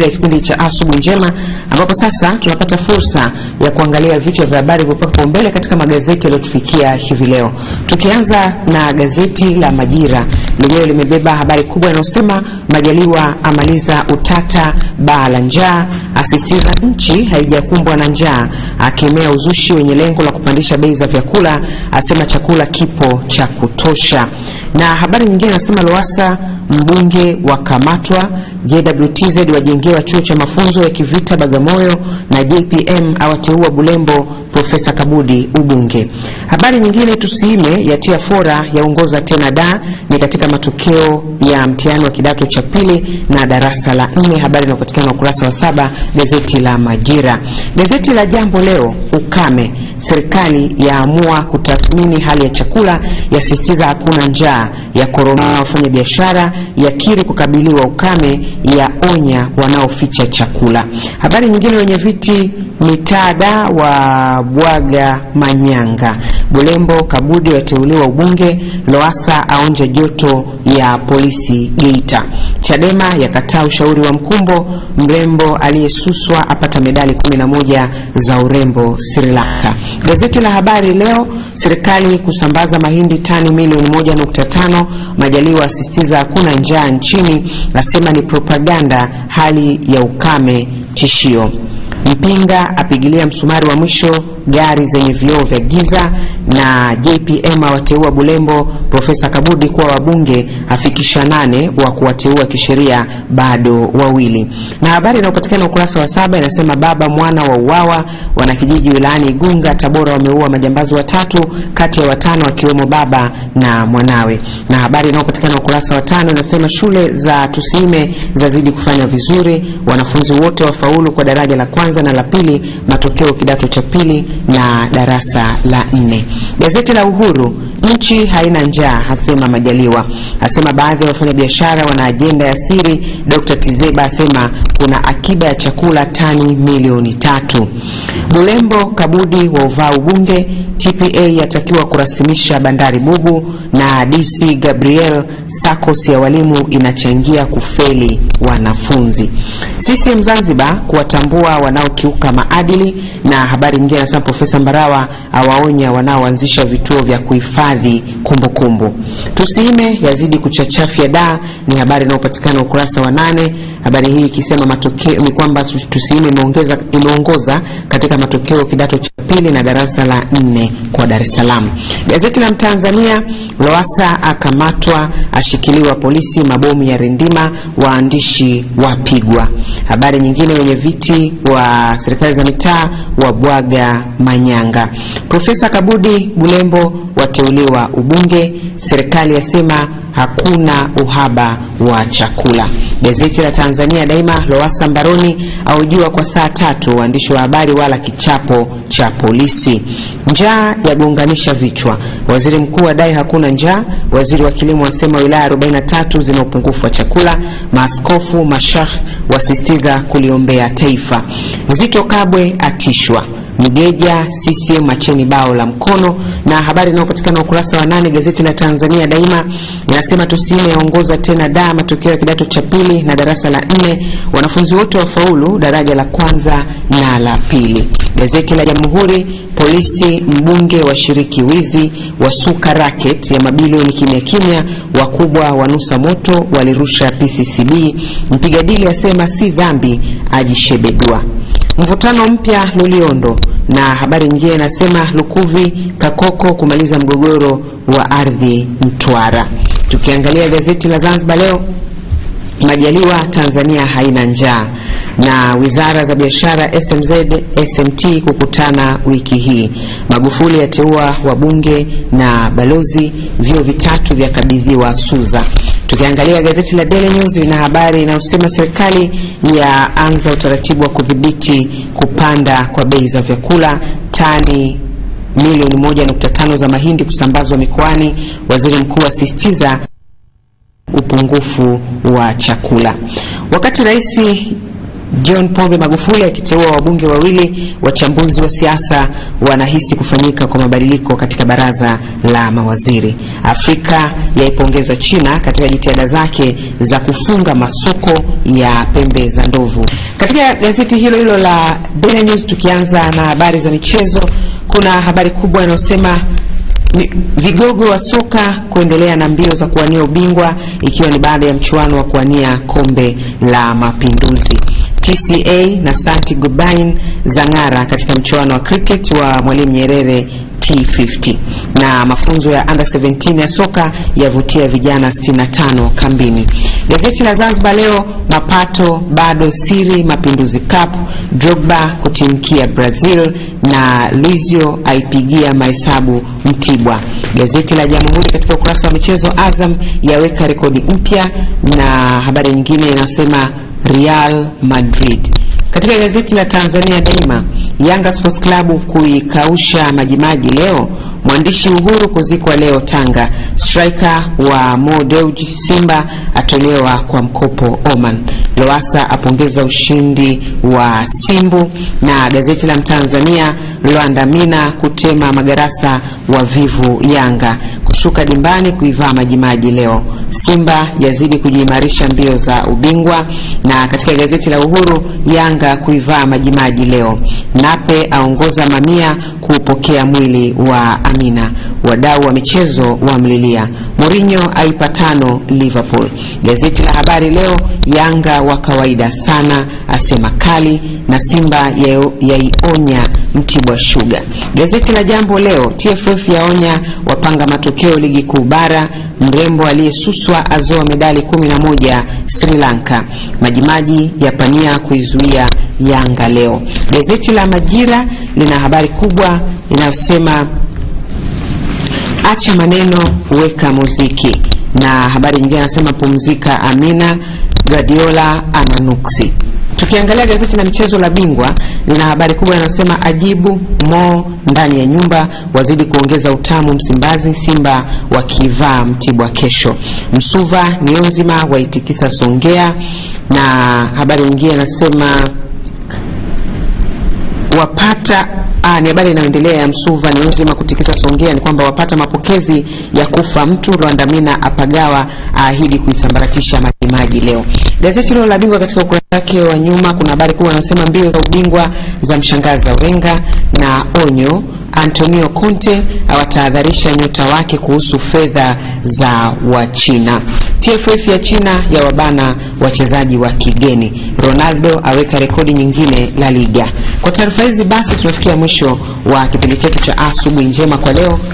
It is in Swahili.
kipindi kipindi cha Asubuhi Njema, ambapo sasa tunapata fursa ya kuangalia vichwa vya habari vilivyopewa kipaumbele katika magazeti yaliyotufikia hivi leo, tukianza na gazeti la Majira lenyewe limebeba habari kubwa inayosema Majaliwa amaliza utata baa la njaa, asisitiza nchi haijakumbwa na njaa, akemea uzushi wenye lengo la kupandisha bei za vyakula, asema chakula kipo cha kutosha. Na habari nyingine anasema Lowassa mbunge wakamatwa, JWTZ wajengewa chuo cha mafunzo ya kivita Bagamoyo, na JPM awateua Bulembo Profesa Kabudi Ubunge. Habari nyingine tusiime yatia fora yaongoza tena da ni katika matokeo ya mtihani wa kidato cha pili na darasa la nne. Habari inapatikana ukurasa wa saba gazeti la Majira. Gazeti la Jambo Leo, ukame serikali yaamua kutathmini hali ya chakula, yasisitiza hakuna njaa, ya korona. wafanya biashara, yakiri kukabiliwa ukame, ya onya wanaoficha chakula. Habari nyingine wenye viti mitaa da wa kabwaga manyanga. Bulembo Kabudi wateuliwa ubunge. loasa aonja joto ya polisi Geita. Chadema yakataa ushauri wa Mkumbo. Mrembo aliyesuswa apata medali 11 za urembo Sri Lanka. Gazeti la Habari Leo, serikali kusambaza mahindi tani milioni 1.5. Majaliwa asisitiza hakuna njaa nchini, nasema ni propaganda, hali ya ukame tishio. Mpinga apigilia msumari wa mwisho gari zenye vioo vya giza na JPM awateua Bulembo Profesa Kabudi kuwa wabunge afikisha nane wa kuwateua kisheria bado wawili. Na habari inayopatikana ukurasa wa saba inasema baba mwana wa uwawa, wanakijiji wilayani Igunga Tabora wameua majambazi watatu kati ya watano akiwemo baba na mwanawe. Na habari inayopatikana ukurasa wa tano inasema shule za Tusime zazidi kufanya vizuri, wanafunzi wote wafaulu kwa daraja la kwanza na la pili, matokeo kidato cha pili na darasa la nne. Gazeti la Uhuru, nchi haina njaa, hasema Majaliwa, asema baadhi ya wafanyabiashara wana ajenda ya siri. Dr. Tizeba asema kuna akiba ya chakula tani milioni tatu. Bulembo Kabudi wa uvaa ubunge, TPA yatakiwa kurasimisha bandari bubu, na DC Gabriel Sakos ya walimu inachangia kufeli wanafunzi. CCM Zanzibar kuwatambua wanaokiuka maadili. Na habari nyingine anasema Profesa Mbarawa awaonya wanaoanzisha vituo vya kuhifadhi kumbukumbu. Tusiime yazidi kuchachafya daa, ni habari inayopatikana ukurasa wa nane. Habari hii ikisema matokeo ni kwamba Tusiime imeongeza imeongoza katika matokeo kidato pili na darasa la nne kwa Dar es Salaam. Gazeti la Mtanzania, Lowassa akamatwa ashikiliwa polisi, mabomu ya rindima, waandishi wapigwa. Habari nyingine, wenye viti wa serikali za mitaa wabwaga manyanga. Profesa Kabudi Bulembo wateuliwa ubunge, serikali yasema hakuna uhaba wa chakula. Gazeti la Tanzania Daima, Lowassa mbaroni aujua kwa saa tatu waandishi wa habari wala kichapo cha polisi. Njaa yagonganisha vichwa, waziri mkuu adai hakuna njaa. Waziri wa kilimo asema wilaya 43 zina upungufu wa chakula. Maaskofu mashah wasisitiza kuliombea taifa. Zito Kabwe atishwa Mgeja CCM acheni bao la mkono. Na habari inayopatikana ukurasa wa nane gazeti la Tanzania Daima inasema TUSIME yaongoza tena da matokeo ya kidato cha pili na darasa la nne, wanafunzi wote wafaulu daraja la kwanza na la pili. Gazeti la Jamhuri, polisi mbunge washiriki wizi, wasuka racket ya mabilioni kimya kimya, wakubwa wanusa moto, walirusha PCCB, mpiga dili asema si dhambi, ajishebedua. Mvutano mpya Loliondo, na habari nyingine inasema Lukuvi Kakoko kumaliza mgogoro wa ardhi Mtwara. Tukiangalia gazeti la Zanzibar Leo, Majaliwa Tanzania haina njaa na wizara za biashara SMZ SMT kukutana wiki hii. Magufuli yateua wabunge na balozi, vyuo vitatu vyakabidhiwa Suza. Tukiangalia gazeti la Daily News lina habari inayosema serikali yaanza utaratibu wa kudhibiti kupanda kwa bei za vyakula tani milioni 1.5 za mahindi kusambazwa mikoani. Waziri mkuu asisitiza upungufu wa chakula. Wakati Rais John Pombe Magufuli akiteua wabunge wawili, wachambuzi wa siasa wanahisi kufanyika kwa mabadiliko katika baraza la mawaziri. Afrika yaipongeza China katika jitihada zake za kufunga masoko ya pembe za ndovu. Katika gazeti hilo hilo la Daily News, tukianza na habari za michezo, kuna habari kubwa inayosema vigogo wa soka kuendelea na mbio za kuwania ubingwa ikiwa ni baada ya mchuano wa kuwania kombe la mapinduzi. TCA na Santi Gobain zang'ara katika mchuano wa cricket wa Mwalimu Nyerere T50 na mafunzo ya under 17 ya soka yavutia vijana 65 kambini. Gazeti la Zanzibar leo, mapato bado siri, Mapinduzi Cup, Drogba kutimkia Brazil na Luizio aipigia mahesabu Mtibwa. Gazeti la Jamhuri katika ukurasa wa michezo, Azam yaweka rekodi mpya, na habari nyingine inasema Real Madrid. Katika gazeti la Tanzania Daima, Yanga Sports Club kuikausha Majimaji leo, mwandishi Uhuru kuzikwa leo Tanga, striker wa Mo Dewji Simba atolewa kwa mkopo Oman, Loasa apongeza ushindi wa Simbu, na gazeti la Mtanzania mina kutema magarasa wavivu Yanga kushuka dimbani kuivaa Majimaji leo Simba yazidi kujiimarisha mbio za ubingwa, na katika gazeti la Uhuru, Yanga kuivaa Majimaji leo, Nape aongoza mamia kuupokea mwili wa Amina, wadau wa michezo wamlilia Mourinho aipa tano Liverpool. Gazeti la Habari Leo, Yanga wa kawaida sana asema kali na Simba yaionya ya Mtibwa Sugar. Gazeti la Jambo Leo, TFF yaonya wapanga matokeo ligi kuu bara. Mrembo aliyesuswa azoa medali 11 Sri Lanka. Majimaji yapania kuizuia Yanga leo. Gazeti la Majira lina habari kubwa inayosema acha maneno, weka muziki. Na habari nyingine anasema pumzika Amina, Guardiola ananuksi. Tukiangalia gazeti la michezo la Bingwa lina habari kubwa inayosema ajibu Mo ndani ya nyumba, wazidi kuongeza utamu Msimbazi, Simba wakivaa Mtibwa kesho, Msuva Niyonzima waitikisa Songea, na habari nyingine inasema wapata aa, ah, ni habari inayoendelea ya Msuva ni nzima kutikisa Songea, ni kwamba wapata mapokezi ya kufa mtu. Lwandamina apagawa ah, ahidi kuisambaratisha Majimaji leo. Gazeti hilo la Bingwa, katika ukurasa wake wa nyuma kuna habari kubwa inasema mbio za ubingwa za mshangaza Wenga na onyo Antonio Conte awatahadharisha nyota wake kuhusu fedha za Wachina. TFF ya China ya wabana wachezaji wa kigeni. Ronaldo aweka rekodi nyingine La Liga. Kwa taarifa hizi basi tunafikia mwisho wa kipindi chetu cha Asubuhi Njema kwa leo.